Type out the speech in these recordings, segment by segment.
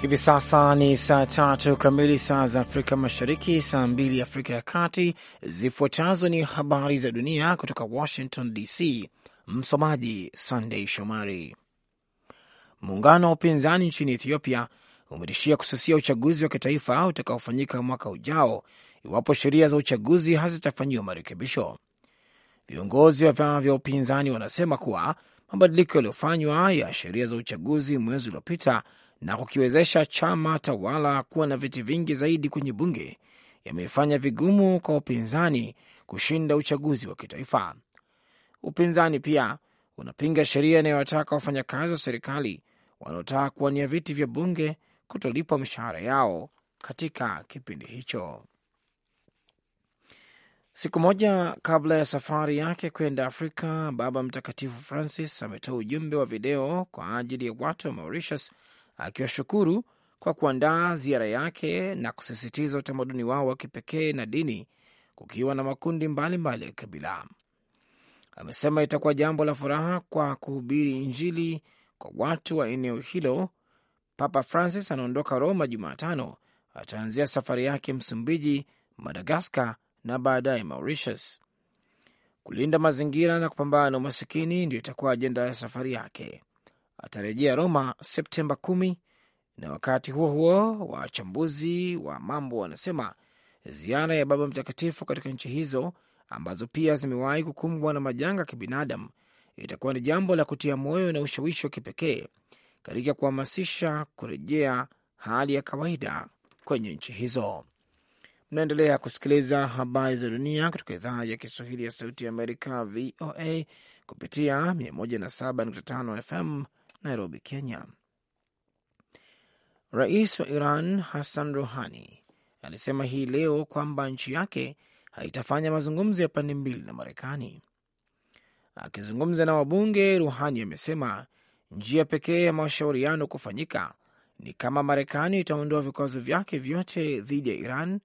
Hivi sasa ni saa tatu kamili saa za Afrika Mashariki, saa mbili Afrika ya Kati. Zifuatazo ni habari za dunia kutoka Washington DC. Msomaji sandey Shomari. Muungano wa upinzani nchini Ethiopia umetishia kususia uchaguzi wa kitaifa utakaofanyika mwaka ujao iwapo sheria za uchaguzi hazitafanyiwa marekebisho. Viongozi wa vyama vya upinzani wanasema kuwa mabadiliko yaliyofanywa ya sheria za uchaguzi mwezi uliopita na kukiwezesha chama tawala kuwa na viti vingi zaidi kwenye bunge yamefanya vigumu kwa upinzani kushinda uchaguzi wa kitaifa. Upinzani pia unapinga sheria inayowataka wafanyakazi wa serikali wanaotaka kuwania viti vya bunge kutolipwa mishahara yao katika kipindi hicho. Siku moja kabla ya safari yake kwenda Afrika, Baba Mtakatifu Francis ametoa ujumbe wa video kwa ajili ya watu wa Mauritius akiwashukuru kwa kuandaa ziara yake na kusisitiza utamaduni wao wa kipekee na dini, kukiwa na makundi mbalimbali ya kabila. Amesema itakuwa jambo la furaha kwa kuhubiri Injili kwa watu wa eneo hilo. Papa Francis anaondoka Roma Jumatano, ataanzia safari yake Msumbiji, Madagaskar na baadaye Mauritius. Kulinda mazingira na kupambana na umasikini ndio itakuwa ajenda ya safari yake atarejea Roma Septemba kumi, na wakati huo huo wachambuzi wa mambo wanasema ziara ya Baba Mtakatifu katika nchi hizo ambazo pia zimewahi kukumbwa na majanga ya kibinadamu itakuwa ni jambo la kutia moyo na ushawishi wa kipekee katika kuhamasisha kurejea hali ya kawaida kwenye nchi hizo. Mnaendelea kusikiliza habari za dunia kutoka idhaa ya Kiswahili ya Sauti ya Amerika, VOA, kupitia 107.5 FM Nairobi, Kenya. Rais wa Iran Hassan Rouhani alisema hii leo kwamba nchi yake haitafanya mazungumzo ya pande mbili na Marekani. Akizungumza na wabunge, ruhani amesema njia pekee ya mashauriano kufanyika ni kama Marekani itaondoa vikwazo vyake vyote dhidi ya Iran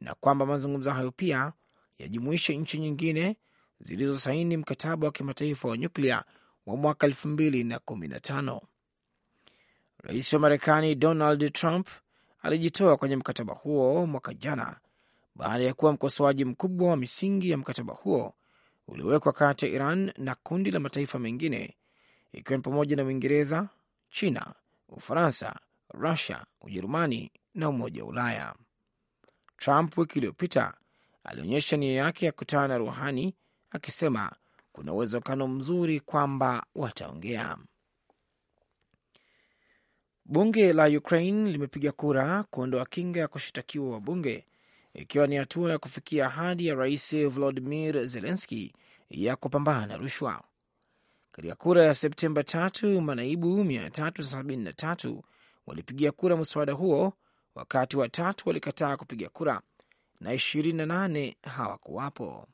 na kwamba mazungumzo hayo pia yajumuishe nchi nyingine zilizosaini mkataba wa kimataifa wa nyuklia wa mwaka 2015. Rais wa Marekani Donald Trump alijitoa kwenye mkataba huo mwaka jana baada ya kuwa mkosoaji mkubwa wa misingi ya mkataba huo uliowekwa kati ya Iran na kundi la mataifa mengine ikiwa ni pamoja na Uingereza, China, Ufaransa, Rusia, Ujerumani na Umoja wa Ulaya. Trump wiki iliyopita alionyesha nia yake ya kutana na Ruhani akisema kuna uwezekano mzuri kwamba wataongea. Bunge la Ukraine limepiga kura kuondoa kinga ya kushitakiwa wabunge, ikiwa ni hatua ya kufikia ahadi ya Rais Volodimir Zelenski ya kupambana na rushwa. Katika kura ya Septemba tatu, manaibu 373 walipigia kura mswada huo, wakati watatu walikataa kupiga kura na 28 hawakuwapo.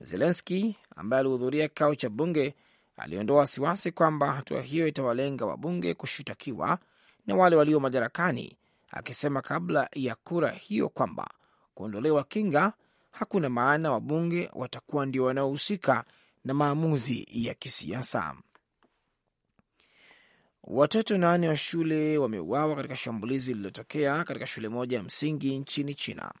Zelenski ambaye alihudhuria kikao cha bunge aliondoa wasiwasi kwamba hatua hiyo itawalenga wabunge kushitakiwa na wale walio madarakani, akisema kabla ya kura hiyo kwamba kuondolewa kinga hakuna maana wabunge watakuwa ndio wanaohusika na maamuzi ya kisiasa. Watoto nane wa shule wameuawa katika shambulizi lililotokea katika shule moja ya msingi nchini China.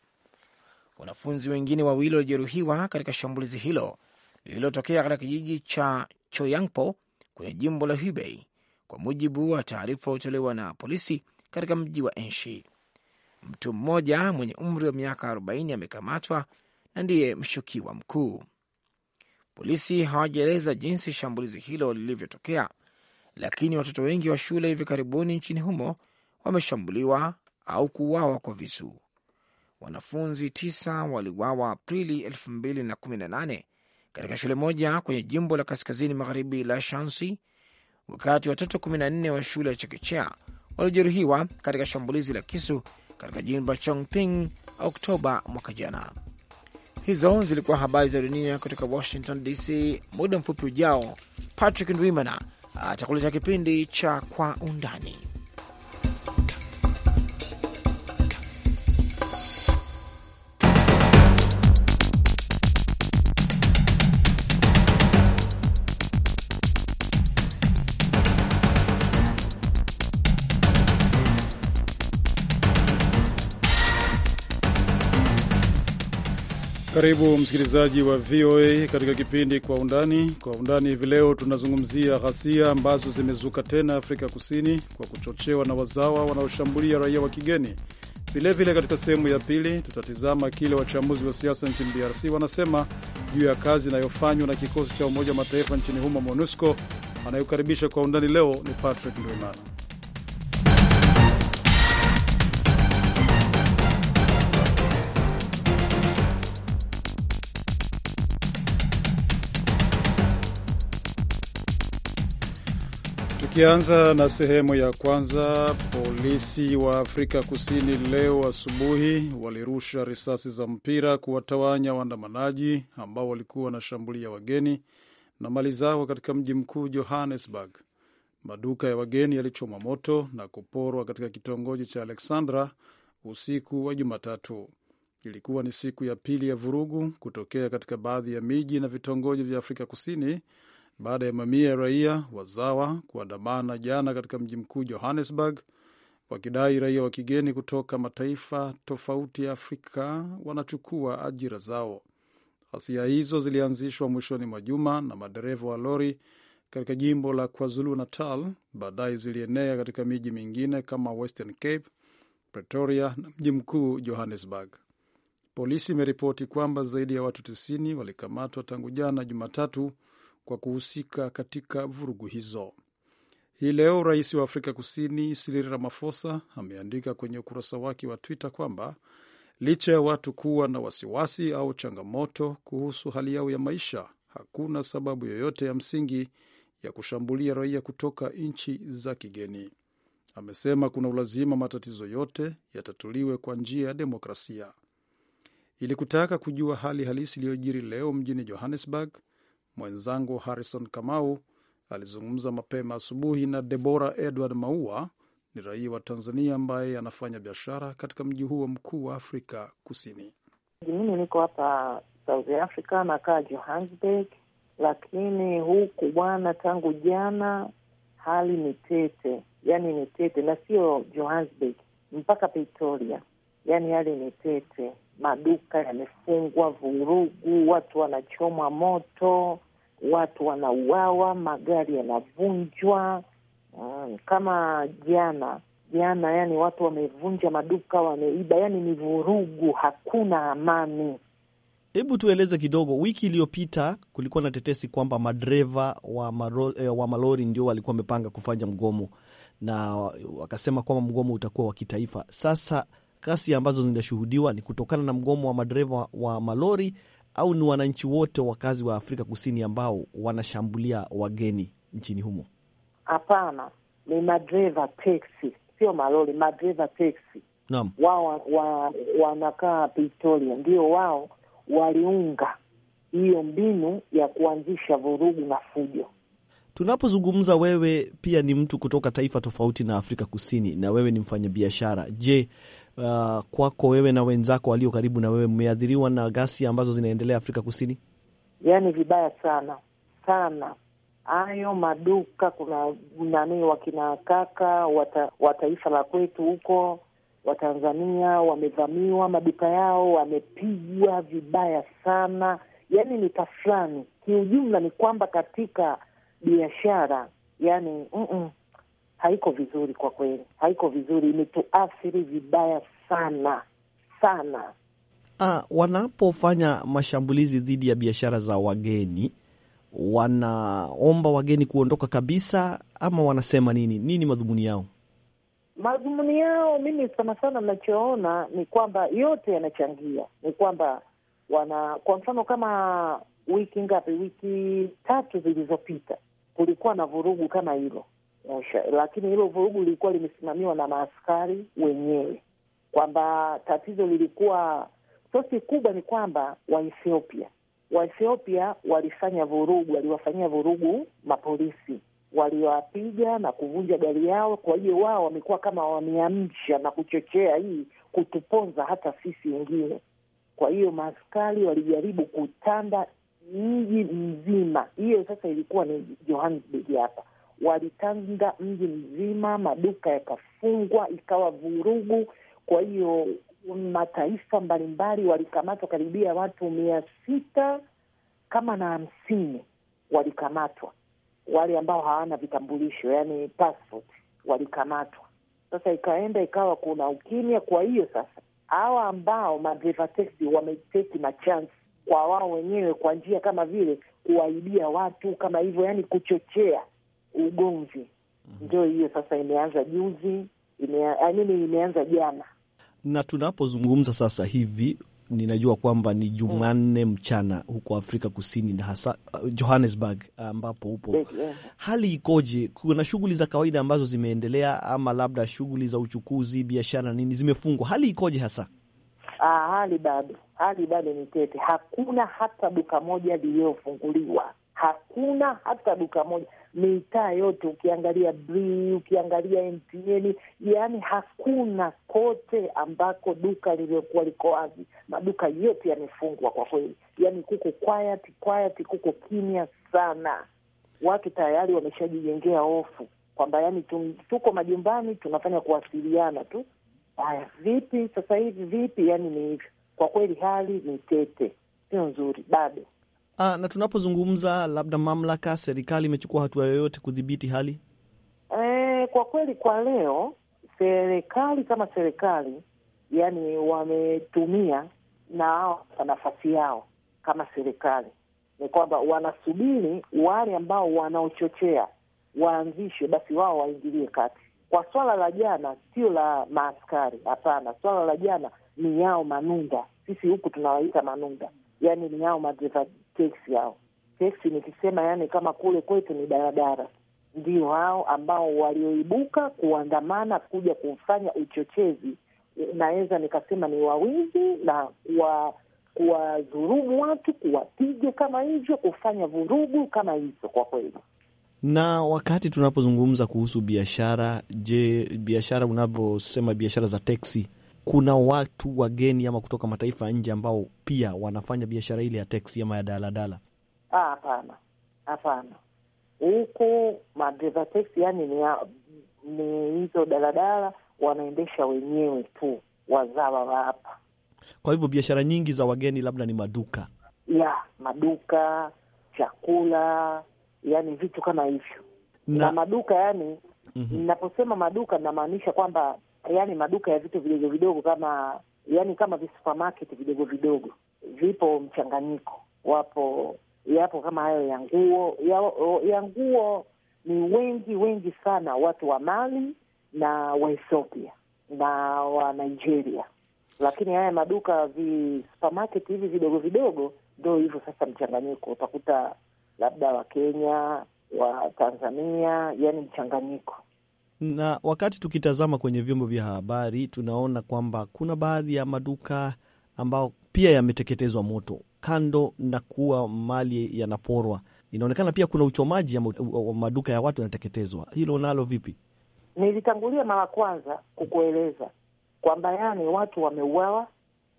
Wanafunzi wengine wawili walijeruhiwa katika shambulizi hilo lililotokea katika kijiji cha Choyangpo kwenye jimbo la Hubei, kwa mujibu wa taarifa iliyotolewa na polisi katika mji wa Enshi. Mtu mmoja mwenye umri wa miaka 40 amekamatwa na ndiye mshukiwa mkuu. Polisi hawajaeleza jinsi shambulizi hilo lilivyotokea, lakini watoto wengi wa shule hivi karibuni nchini humo wameshambuliwa au kuuawa kwa visu wanafunzi tisa waliwawa Aprili 2018 katika shule moja kwenye jimbo la kaskazini magharibi la Shansi, wakati watoto 14 wa shule ya chekechea waliojeruhiwa katika shambulizi la kisu katika jimbo Chongping Oktoba mwaka jana. Hizo zilikuwa habari za dunia kutoka Washington DC. Muda mfupi ujao, Patrick Ndwimana atakuleta kipindi cha Kwa Undani. Karibu msikilizaji wa VOA katika kipindi kwa undani. Kwa undani hivi leo tunazungumzia ghasia ambazo zimezuka tena Afrika Kusini kwa kuchochewa na wazawa wanaoshambulia raia wa kigeni. Vilevile, katika sehemu ya pili tutatizama kile wachambuzi wa siasa nchini DRC wanasema juu ya kazi inayofanywa na kikosi cha Umoja wa Mataifa nchini humo MONUSCO. Anayokaribisha kwa undani leo ni Patrick Ndwimana. Tukianza na sehemu ya kwanza, polisi wa Afrika Kusini leo asubuhi walirusha risasi za mpira kuwatawanya waandamanaji ambao walikuwa wanashambulia wageni na mali zao katika mji mkuu Johannesburg. Maduka ya wageni yalichomwa moto na kuporwa katika kitongoji cha Alexandra usiku wa Jumatatu. Ilikuwa ni siku ya pili ya vurugu kutokea katika baadhi ya miji na vitongoji vya Afrika Kusini baada ya mamia ya raia wazawa kuandamana jana katika mji mkuu Johannesburg wakidai raia wa kigeni kutoka mataifa tofauti ya Afrika wanachukua ajira zao. Ghasia hizo zilianzishwa mwishoni mwa juma na madereva wa lori katika jimbo la KwaZulu Natal, baadaye zilienea katika miji mingine kama Western Cape, Pretoria na mji mkuu Johannesburg. Polisi imeripoti kwamba zaidi ya watu 90 walikamatwa tangu jana Jumatatu kwa kuhusika katika vurugu hizo. Hii leo rais wa Afrika Kusini Cyril Ramaphosa ameandika kwenye ukurasa wake wa Twitter kwamba licha ya watu kuwa na wasiwasi au changamoto kuhusu hali yao ya maisha, hakuna sababu yoyote ya msingi ya kushambulia raia kutoka nchi za kigeni. Amesema kuna ulazima matatizo yote yatatuliwe kwa njia ya demokrasia. Ili kutaka kujua hali halisi iliyojiri leo mjini Johannesburg, Mwenzangu Harrison Kamau alizungumza mapema asubuhi na Debora Edward Maua, ni raia wa Tanzania ambaye anafanya biashara katika mji huo mkuu wa Afrika Kusini. Mimi niko hapa South Africa, nakaa Johannesburg, lakini huku bwana, tangu jana hali ni tete, yani ni tete, na sio Johannesburg mpaka Pretoria, yani hali ni tete maduka yamefungwa, vurugu, watu wanachomwa moto, watu wanauawa, magari yanavunjwa. Um, kama jana jana, yani watu wamevunja maduka, wameiba, yani ni vurugu, hakuna amani. Hebu tueleze kidogo, wiki iliyopita kulikuwa na tetesi kwamba madereva wa, maro, eh, wa malori ndio walikuwa wamepanga kufanya mgomo na wakasema kwamba mgomo utakuwa wa kitaifa. Sasa Kasi ambazo zinashuhudiwa ni kutokana na mgomo wa madereva wa malori au ni wananchi wote wakazi wa Afrika Kusini ambao wanashambulia wageni nchini humo? Hapana, ni madereva teksi, sio malori, madereva teksi. Naam, wao wanakaa wa, Pretoria, ndio wao waliunga hiyo mbinu ya kuanzisha vurugu na fujo. Tunapozungumza, wewe pia ni mtu kutoka taifa tofauti na Afrika Kusini, na wewe ni mfanyabiashara. Je, uh, kwako wewe na wenzako walio karibu na wewe, mmeathiriwa na ghasia ambazo zinaendelea Afrika Kusini? Yaani vibaya sana sana hayo maduka kuna nani, wakina kaka wa taifa la kwetu huko Watanzania wamevamiwa, maduka yao wamepigwa vibaya sana, yaani ni tafrani. Kiujumla ni kwamba katika biashara, yani mm -mm, haiko vizuri kwa kweli, haiko vizuri, imetuathiri vibaya sana sana. Ah, wanapofanya mashambulizi dhidi ya biashara za wageni wanaomba wageni kuondoka kabisa, ama wanasema nini? Nini madhumuni yao? Madhumuni yao, mimi sana sana nachoona ni kwamba yote yanachangia, ni kwamba wana, kwa mfano kama wiki ngapi, wiki tatu zilizopita kulikuwa na vurugu kama hilo kutosha, lakini hilo vurugu lilikuwa limesimamiwa na maaskari wenyewe, kwamba tatizo lilikuwa sosi kubwa ni kwamba Waethiopia Waethiopia walifanya vurugu, waliwafanyia vurugu mapolisi, waliwapiga na kuvunja gari yao. Kwa hiyo wao wamekuwa kama wameamsha na kuchochea hii kutuponza hata sisi wengine. Kwa hiyo maaskari walijaribu kutanda mji mzima, hiyo sasa ilikuwa ni Johannesburg hapa walitanga mji mzima, maduka yakafungwa, ikawa vurugu. Kwa hiyo mataifa mbalimbali walikamatwa, karibia watu mia sita kama na hamsini walikamatwa, wale ambao hawana vitambulisho, yani passport walikamatwa. Sasa ikaenda ikawa kuna ukimya. Kwa hiyo sasa hawa ambao madereva wameteki machansi kwa wao wenyewe, kwa njia kama vile kuwaibia watu kama hivyo, yani kuchochea ugomvi mhm. ndio hiyo sasa imeanza juzi nini, imeanza jana. Na tunapozungumza sasa hivi, ninajua kwamba ni Jumanne mm. mchana huko Afrika Kusini na hasa uh, Johannesburg uh, ambapo upo yeah. Hali ikoje? Kuna shughuli za kawaida ambazo zimeendelea ama labda shughuli za uchukuzi, biashara, nini zimefungwa? Hali ikoje hasa? Ah, hali bado, hali bado ni tete. Hakuna hata duka moja liliyofunguliwa, hakuna hata duka moja mitaa yote, ukiangalia b ukiangalia MTN, yaani hakuna kote ambako duka lililokuwa liko wazi, maduka yote yamefungwa kwa kweli. Yaani kuko quiet, quiet, kuko kimya sana. Watu tayari wameshajijengea hofu kwamba yaani tum, tuko majumbani, tunafanya kuwasiliana tu. Haya, vipi sasa hivi, vipi? yani ni hivyo kwa kweli, hali ni tete, sio nzuri bado. Aa, ah, na tunapozungumza labda mamlaka, serikali imechukua hatua yoyote kudhibiti hali? E, kwa kweli kwa leo serikali kama serikali yani wametumia na kwa nafasi yao kama serikali ni kwamba wanasubiri wale ambao wanaochochea waanzishwe, basi wao waingilie kati. Kwa swala la jana, sio la maaskari, hapana. Swala la jana ni yao manunda, sisi huku tunawaita manunda, yani ni yao madereva teksi hao. Teksi nikisema yani kama kule kwetu ni daradara, ndio hao ambao walioibuka kuandamana kuja kufanya uchochezi, naweza nikasema ni wawizi na wa kuwadhurumu watu, kuwapiga kama hivyo, kufanya vurugu kama hizo, kwa kweli na wakati tunapozungumza kuhusu biashara, je, biashara unavyosema biashara za teksi kuna watu wageni ama kutoka mataifa ya nje ambao pia wanafanya biashara ile ya teksi ama ya daladala? Ah, hapana, hapana. Huku madriva teksi yani ni, ni hizo daladala wanaendesha wenyewe tu wazawa wa hapa. Kwa hivyo biashara nyingi za wageni labda ni maduka ya maduka, chakula, yani vitu kama hivyo na, na maduka yani mm -hmm. Naposema maduka namaanisha kwamba yani maduka ya vitu vidogo vidogo kama yani kama visupermarket vidogo vidogo, vipo mchanganyiko, wapo yapo kama hayo ya nguo ya nguo. Ni wengi wengi sana watu wa Mali na waethiopia na wa Nigeria, lakini haya maduka visupermarket hivi vidogo vidogo ndo hivyo sasa, mchanganyiko utakuta labda Wakenya wa Tanzania, yani mchanganyiko na wakati tukitazama kwenye vyombo vya habari tunaona kwamba kuna baadhi ya maduka ambayo pia yameteketezwa moto, kando na kuwa mali yanaporwa, inaonekana pia kuna uchomaji wa maduka ya watu yanateketezwa. Hilo nalo vipi? Nilitangulia mara kwanza kukueleza kwamba yani, watu wameuawa,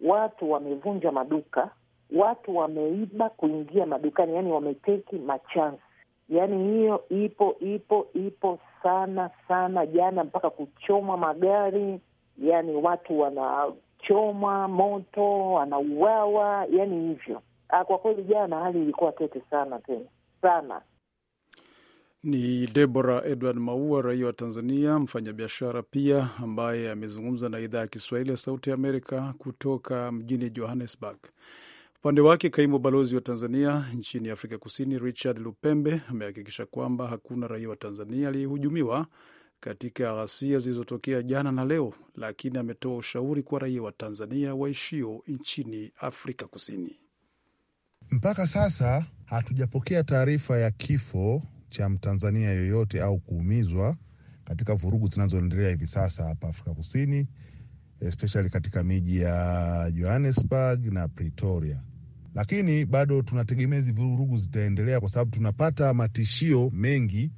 watu wamevunja maduka, watu wameiba kuingia madukani, yani wameteki machansi, yani hiyo ipo ipo ipo sana sana jana, mpaka kuchoma magari, yani watu wanachoma moto, wanauawa, yani hivyo. Ah, kwa kweli jana hali ilikuwa tete sana, tena sana. Ni Debora Edward Maua, raia wa Tanzania, mfanyabiashara pia, ambaye amezungumza na idhaa ya Kiswahili ya Sauti ya Amerika kutoka mjini Johannesburg. Upande wake kaimu balozi wa Tanzania nchini Afrika Kusini Richard Lupembe amehakikisha kwamba hakuna raia wa Tanzania aliyehujumiwa katika ghasia zilizotokea jana na leo, lakini ametoa ushauri kwa raia wa Tanzania waishio nchini Afrika Kusini. Mpaka sasa hatujapokea taarifa ya kifo cha Mtanzania yoyote au kuumizwa katika vurugu zinazoendelea hivi sasa hapa Afrika Kusini, especially katika miji ya Johannesburg na Pretoria lakini bado tunategemea hizi vurugu zitaendelea, kwa sababu tunapata matishio mengi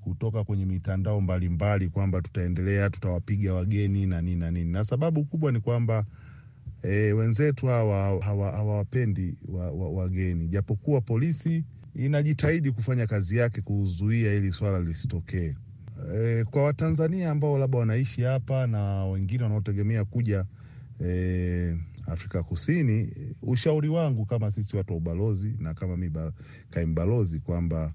kutoka kwenye mitandao mbalimbali kwamba tutaendelea, tutawapiga wageni na nini na nini, na sababu kubwa ni kwamba e, wenzetu hawa hawawapendi hawa wa, wageni, japokuwa polisi inajitahidi kufanya kazi yake kuzuia ili swala lisitokee. E, kwa Watanzania ambao labda wanaishi hapa na wengine wanaotegemea kuja e, Afrika Kusini, eh, ushauri wangu kama sisi watu wa ubalozi na kama mi ba, kaimu balozi kwamba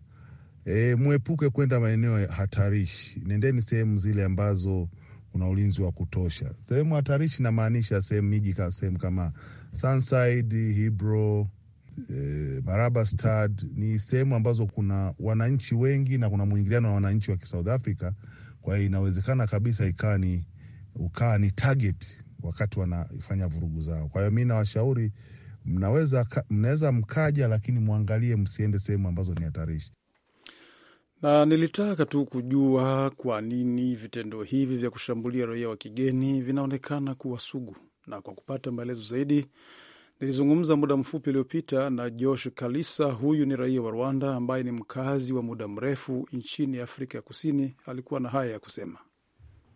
e, mwepuke kwenda maeneo hatarishi, nendeni sehemu zile ambazo kuna ulinzi wa kutosha. Sehemu hatarishi namaanisha sehemu miji, ka sehemu kama Sunside, Hebrew, e, eh, Marabastad ni sehemu ambazo kuna wananchi wengi na kuna mwingiliano wa wananchi wa Kisouth Africa. Kwa hiyo inawezekana kabisa ikaa ni ukaa ni target wakati wanafanya vurugu zao. Kwa hiyo mi nawashauri mnaweza, mnaweza mkaja, lakini mwangalie msiende sehemu ambazo ni hatarishi. Na nilitaka tu kujua kwa nini vitendo hivi vya kushambulia raia wa kigeni vinaonekana kuwa sugu, na kwa kupata maelezo zaidi nilizungumza muda mfupi uliopita na Josh Kalisa. Huyu ni raia wa Rwanda ambaye ni mkazi wa muda mrefu nchini Afrika ya Kusini. Alikuwa na haya ya kusema.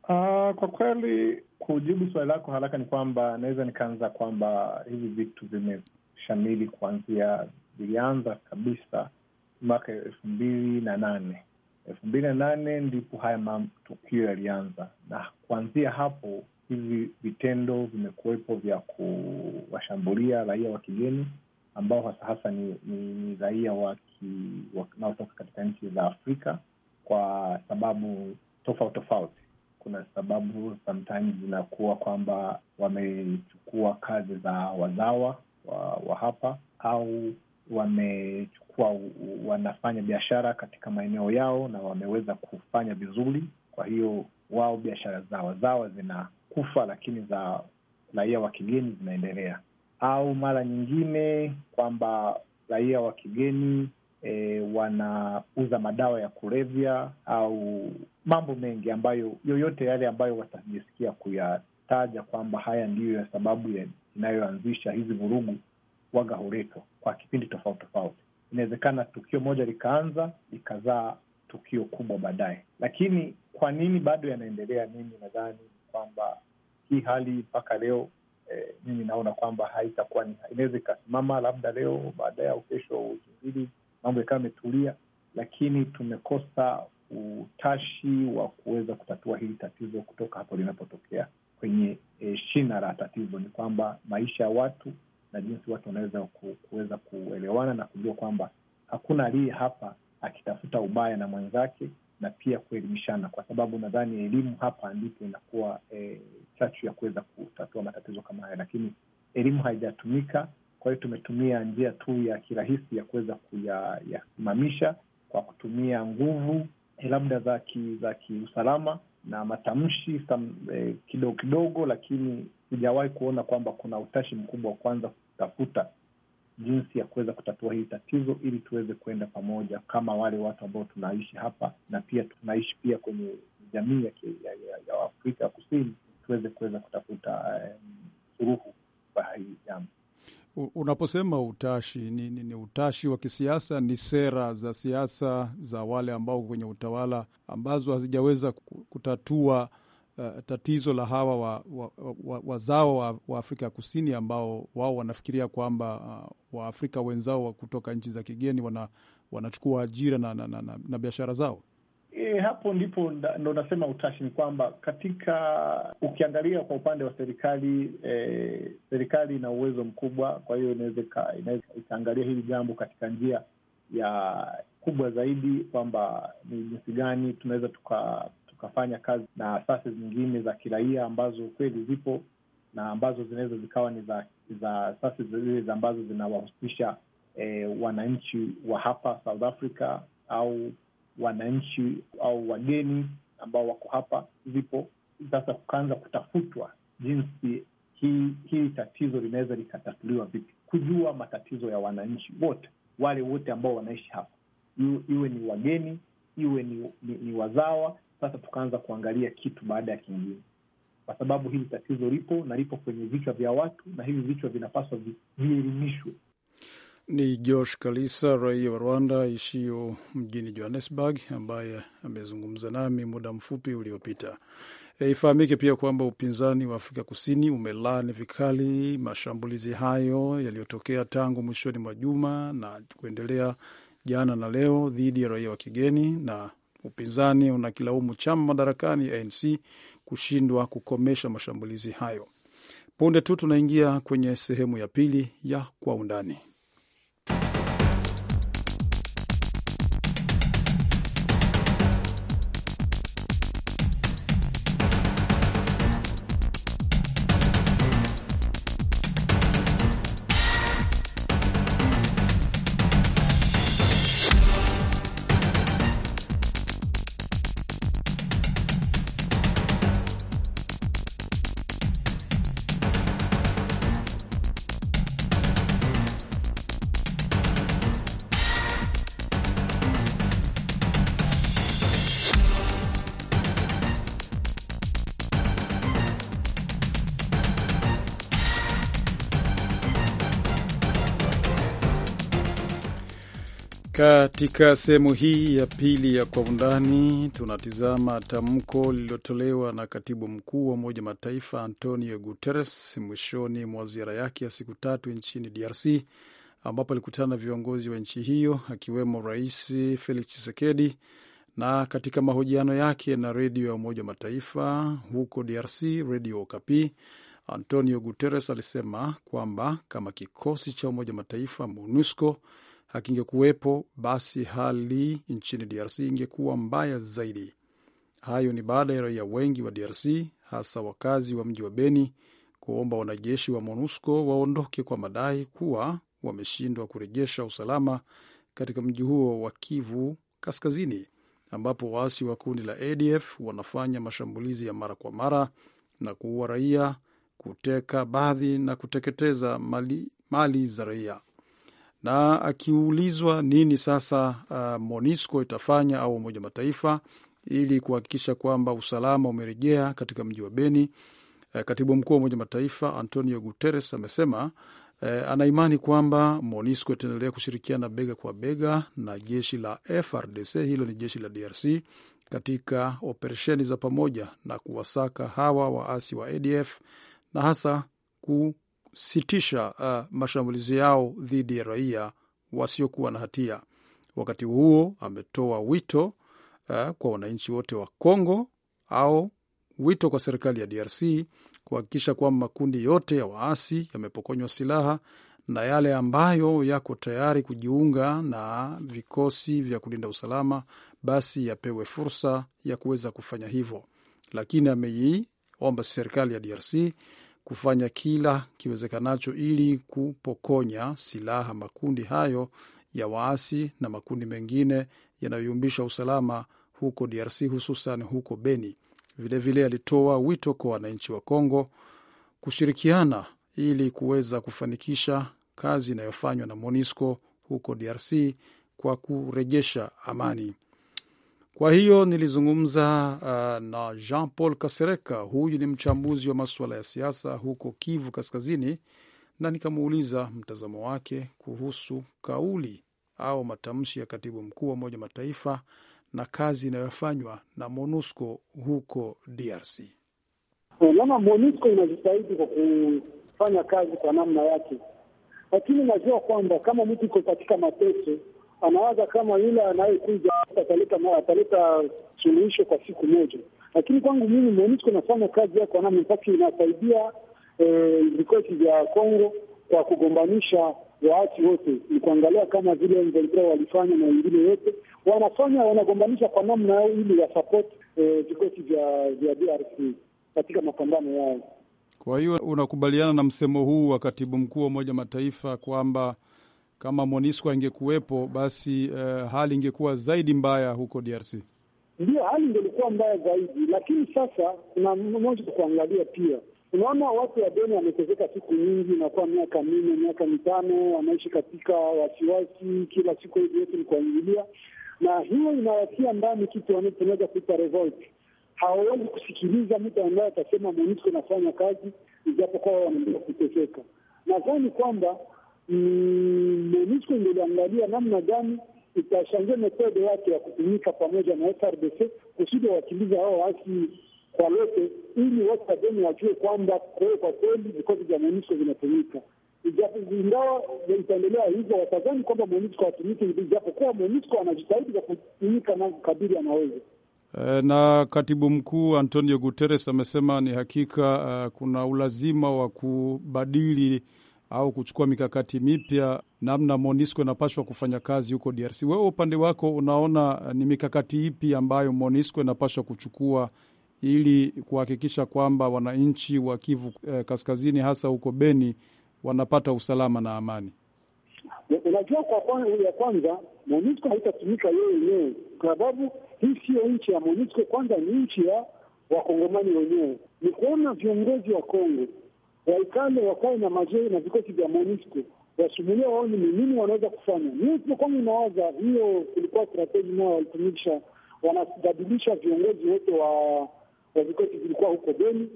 Uh, kwa kweli kujibu swali lako haraka ni kwamba naweza nikaanza kwamba hivi vitu vimeshamili kuanzia, vilianza kabisa mwaka elfu mbili na nane elfu mbili na nane ndipo haya matukio yalianza, na kuanzia hapo hivi vitendo vimekuwepo vya kuwashambulia raia wa kigeni ambao hasa hasa ni, ni, ni raia wanaotoka katika nchi za Afrika kwa sababu tofauti tofauti kuna sababu sometimes zinakuwa kwamba wamechukua kazi za wazawa wa, wa hapa au wamechukua wanafanya biashara katika maeneo yao na wameweza kufanya vizuri. Kwa hiyo wao biashara za wazawa zinakufa, lakini za raia wa kigeni zinaendelea, au mara nyingine kwamba raia wa kigeni e, wanauza madawa ya kulevya au mambo mengi ambayo yoyote yale ambayo watajisikia kuyataja kwamba haya ndiyo ya sababu inayoanzisha hizi vurugu waga hureto kwa kipindi tofauti tofauti. Inawezekana tukio moja likaanza likazaa tukio kubwa baadaye, lakini kwa nini bado yanaendelea? Mimi nadhani kwamba hii hali mpaka leo eh, mimi naona kwamba haitakuwa inaweza ikasimama labda leo baadaye au kesho, wiki mbili, mambo yakawa ametulia, lakini tumekosa utashi wa kuweza kutatua hili tatizo kutoka hapo linapotokea kwenye e, shina la tatizo, ni kwamba maisha ya watu na jinsi watu wanaweza kuweza kuelewana na kujua kwamba hakuna aliye hapa akitafuta ubaya na mwenzake, na pia kuelimishana, kwa sababu nadhani elimu hapa ndipo inakuwa e, chachu ya kuweza kutatua matatizo kama haya, lakini elimu haijatumika. Kwa hiyo tumetumia njia tu ya kirahisi ya kuweza kuyasimamisha kwa kutumia nguvu Eh, labda za za kiusalama na matamshi sam, eh, kidogo kidogo, lakini sijawahi kuona kwamba kuna utashi mkubwa wa kwanza kutafuta jinsi ya kuweza kutatua hili tatizo ili tuweze kuenda pamoja kama wale watu ambao tunaishi hapa na pia tunaishi pia kwenye jamii ya, ya, ya Afrika ya Kusini tuweze kuweza kutafuta um, eh, suruhu kwa hii jambo unaposema utashi ni, ni, ni utashi wa kisiasa, ni sera za siasa za wale ambao kwenye utawala ambazo hazijaweza kutatua Uh, tatizo la hawa wazao wa, wa, wa, wa Afrika ya Kusini ambao wao wanafikiria kwamba uh, ah, Waafrika wenzao kutoka nchi za kigeni wanachukua ajira na, na, na, na, na biashara zao. Eh, hapo ndipo ndo nasema utashi ni kwamba katika ukiangalia kwa upande wa serikali eh, serikali ina uwezo mkubwa, kwa hiyo inaweza ikaangalia hili jambo katika njia ya kubwa zaidi kwamba ni jinsi gani tunaweza tuka tukafanya kazi na asasi zingine za kiraia ambazo kweli zipo na ambazo zinaweza zikawa ni za za asasi zile ambazo zinawahusisha eh, wananchi wa hapa South Africa au wananchi au wageni ambao wako hapa, zipo sasa, kukaanza kutafutwa jinsi hii hii tatizo linaweza likatatuliwa vipi, kujua matatizo ya wananchi wote wale wote ambao wanaishi hapa, iwe ni wageni, iwe ni, ni, ni wazawa. Sasa tukaanza kuangalia kitu baada ya kingine, kwa sababu hili tatizo lipo na lipo kwenye vichwa vya watu, na hivi vichwa vinapaswa vielimishwe ni Josh Kalisa, raia wa Rwanda ishio mjini Johannesburg, ambaye amezungumza nami muda mfupi uliopita. Ifahamike pia kwamba upinzani wa Afrika Kusini umelaani vikali mashambulizi hayo yaliyotokea tangu mwishoni mwa juma na kuendelea jana na leo dhidi ya raia wa kigeni, na upinzani unakilaumu chama madarakani ANC kushindwa kukomesha mashambulizi hayo. Punde tu tunaingia kwenye sehemu ya pili ya Kwa Undani. Katika sehemu hii ya pili ya kwa undani tunatizama tamko lililotolewa na katibu mkuu wa Umoja Mataifa Antonio Guterres mwishoni mwa ziara yake ya siku tatu nchini DRC ambapo alikutana na viongozi wa nchi hiyo akiwemo Rais Felix Tshisekedi. Na katika mahojiano yake na redio ya Umoja Mataifa huko DRC, Redio Okapi, Antonio Guterres alisema kwamba kama kikosi cha Umoja Mataifa MONUSCO hakingekuwepo, basi hali nchini DRC ingekuwa mbaya zaidi. Hayo ni baada ya raia wengi wa DRC hasa wakazi wa mji wa Beni kuomba wanajeshi wa MONUSCO waondoke kwa madai kuwa wameshindwa kurejesha usalama katika mji huo wa Kivu Kaskazini, ambapo waasi wa kundi la ADF wanafanya mashambulizi ya mara kwa mara na kuua raia, kuteka baadhi na kuteketeza mali, mali za raia na akiulizwa nini sasa uh, MONUSCO itafanya au Umoja Mataifa ili kuhakikisha kwamba usalama umerejea katika mji wa Beni, uh, katibu mkuu wa Umoja Mataifa Antonio Guterres amesema uh, anaimani kwamba MONUSCO itaendelea kushirikiana bega kwa bega na jeshi la FRDC, hilo ni jeshi la DRC, katika operesheni za pamoja na kuwasaka hawa waasi wa ADF na hasa ku kusitisha uh, mashambulizi yao dhidi ya raia wasiokuwa na hatia. Wakati huo ametoa wito uh, kwa wananchi wote wa Kongo au wito kwa serikali ya DRC kuhakikisha kwamba makundi yote ya waasi yamepokonywa silaha na yale ambayo yako tayari kujiunga na vikosi vya kulinda usalama basi yapewe fursa ya kuweza kufanya hivyo, lakini ameiomba serikali ya DRC kufanya kila kiwezekanacho ili kupokonya silaha makundi hayo ya waasi na makundi mengine yanayoyumbisha usalama huko DRC hususan huko Beni. Vilevile vile alitoa wito kwa wananchi wa Kongo kushirikiana ili kuweza kufanikisha kazi inayofanywa na MONUSCO huko DRC kwa kurejesha amani. Kwa hiyo nilizungumza uh, na Jean Paul Kasereka, huyu ni mchambuzi wa masuala ya siasa huko Kivu Kaskazini, na nikamuuliza mtazamo wake kuhusu kauli au matamshi ya katibu mkuu wa Umoja Mataifa na kazi inayofanywa na MONUSCO huko DRC. Naona MONUSCO inajitahidi kwa kufanya kazi kwa namna yake, lakini najua kwamba kama mtu iko katika mateso anawaza kama yule anayekuja ataleta ataleta suluhisho kwa siku moja, lakini kwangu mimi MONUSCO nafanya kazi yako namna inasaidia eh, vikosi vya Kongo kwa kugombanisha waasi wote, ni kuangalia kama vile Ventura walifanya na wengine wote wanafanya wanagombanisha kwa namna yao ili wasapoti eh, vikosi vya vya DRC katika mapambano yao. Kwa hiyo unakubaliana na msemo huu wa katibu mkuu wa Umoja Mataifa kwamba kama MONUSCO angekuwepo basi, uh, hali ingekuwa zaidi mbaya huko DRC. Ndio, hali ingelikuwa mbaya zaidi, lakini sasa kuna moja kuangalia pia. Unaona, watu wa Beni wametezeka siku nyingi, inakuwa miaka minne, miaka mitano, wanaishi katika wasiwasi, kila siku hivi yote ni kuangilia na hiyo inawatia ndani kitu wanaweza kuita revolt. Hawawezi kusikiliza mtu ambaye atasema MONUSCO inafanya kazi, ijapokuwa wanaendelea kuteseka. Nadhani kwamba MONUSCO mm, ingeliangalia namna gani itashangia metode yake ya kutumika pamoja na FRDC kusudi wakimbiza hao waasi kwa lote, ili watu wageni wajue kwamba kwa kweli vikosi vya MONUSCO vinatumika. Ingawa itaendelea hivyo, watazani kwamba MONUSCO hatumiki, ijapokuwa MONUSCO anajitahidi kwa kutumika na kadiri anaweza eh, na katibu mkuu Antonio Guterres amesema ni hakika, uh, kuna ulazima wa kubadili au kuchukua mikakati mipya namna monisco inapashwa kufanya kazi huko DRC. Wewe upande wako unaona eh, ni mikakati ipi ambayo monisco inapashwa kuchukua ili kuhakikisha kwamba wananchi wa Kivu eh, Kaskazini, hasa huko Beni, wanapata usalama na amani? Unajua, kwa ya kwanza MONISCO haitatumika yeye yenyewe, kwa sababu hii siyo nchi ya MONISCO. Kwanza ni nchi ya wakongomani wenyewe. Ni kuona viongozi wa Kongo waikame wakawe na majei na vikosi vya MONUSCO wasumulia waone ni nini wanaweza kufanya. Mimi kwangu nawaza hiyo kulikuwa strateji nao walitumisha, wanabadilisha viongozi wote wa wa vikosi vilikuwa huko Beni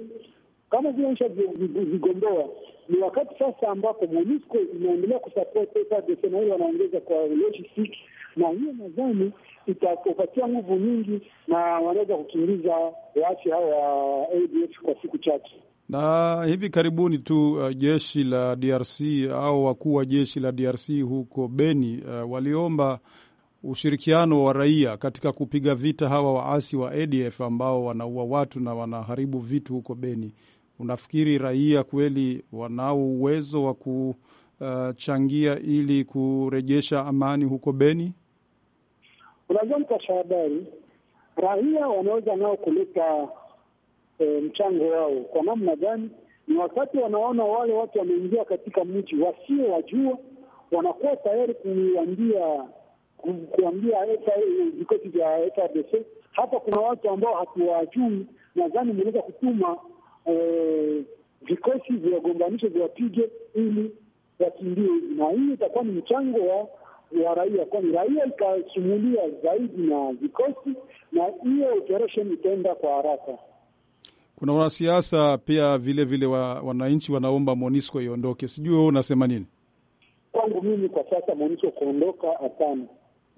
kama vile nisha vigomboa. Ni wakati sasa ambapo MONUSCO inaendelea kusapoti na wanaongeza kwa logistics, na hiyo nadhani itapatia nguvu nyingi na wanaweza kukimbiza waache hao wa ADF kwa siku chache. Na hivi karibuni tu uh, jeshi la DRC au wakuu wa jeshi la DRC huko Beni uh, waliomba ushirikiano wa raia katika kupiga vita hawa waasi wa ADF ambao wanaua watu na wanaharibu vitu huko Beni. Unafikiri raia kweli wanao uwezo wa kuchangia uh, ili kurejesha amani huko Beni? Unajua, mpasha habari, raia wanaweza nao kuleta e, mchango wao kwa namna gani, ni wakati wanaona wale watu wameingia katika mji wasio wajua, wanakuwa tayari kuambia kuambia vikosi vya FARDC. Hapa kuna watu ambao hatuwajui, nadhani mnaweza kutuma e, vikosi vyagombanisho viwapige ili wakimbie, na hii itakuwa ni mchango wa wa raia, kwani raia ikasumulia zaidi na vikosi, na hiyo operation itaenda kwa haraka kuna wanasiasa pia vilevile wa, wananchi wanaomba Monisco iondoke. Sijui wewe unasema nini? Kwangu mimi kwa sasa Monisco kuondoka, hapana.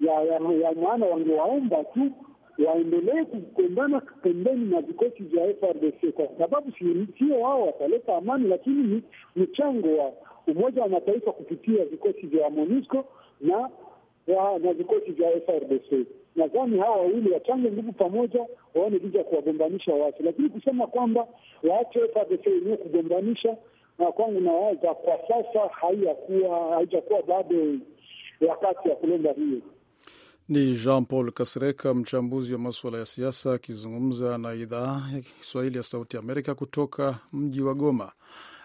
Ya, ya, ya maana wangewaomba tu waendelee kupendana pembeni na vikosi vya FRDC kwa sababu sio wao wataleta amani, lakini ni mchango wa Umoja wa Mataifa kupitia vikosi vya MONUSCO na na vikosi vya FRDC nadhani hawa wawili wachange nguvu pamoja, waone jinsi ya kuwagombanisha waasi. Lakini kusema kwamba waache FARDC wenyewe kugombanisha, na kwangu nawaza kwa sasa haijakuwa haijakuwa bado wakati ya kulonda hiyo. Ni Jean Paul Kasereka, mchambuzi wa masuala ya siasa, akizungumza na idhaa ya Kiswahili ya Sauti Amerika kutoka mji wa Goma.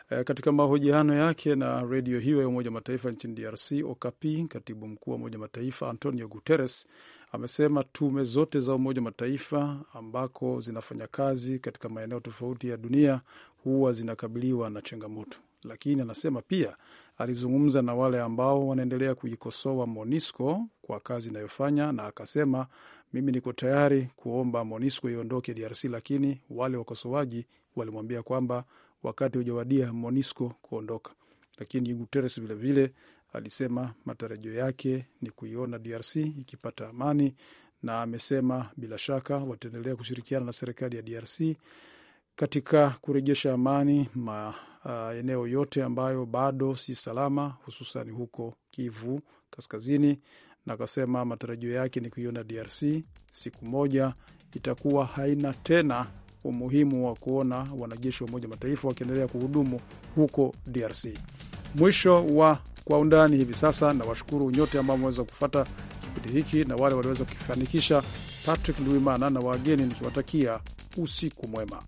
E, katika mahojiano yake na redio hiyo ya Umoja Mataifa nchini DRC, Okapi, katibu mkuu wa Umoja Mataifa Antonio Guterres Amesema tume zote za Umoja wa Mataifa ambako zinafanya kazi katika maeneo tofauti ya dunia huwa zinakabiliwa na changamoto, lakini anasema pia alizungumza na wale ambao wanaendelea kuikosoa monisco kwa kazi inayofanya, na akasema mimi niko tayari kuomba monisco iondoke DRC, lakini wale wakosoaji walimwambia kwamba wakati hujawadia monisco kuondoka. Lakini Guteres vilevile Alisema matarajio yake ni kuiona DRC ikipata amani, na amesema bila shaka wataendelea kushirikiana na serikali ya DRC katika kurejesha amani maeneo uh, yote ambayo bado si salama, hususan huko Kivu Kaskazini. Na akasema matarajio yake ni kuiona DRC siku moja itakuwa haina tena umuhimu wa kuona wanajeshi wa Umoja Mataifa wakiendelea kuhudumu huko DRC. Mwisho wa Kwa Undani hivi sasa. Nawashukuru nyote ambao wameweza kufata kipindi hiki na wale walioweza kukifanikisha. Patrick Ndwimana na wageni nikiwatakia usiku mwema.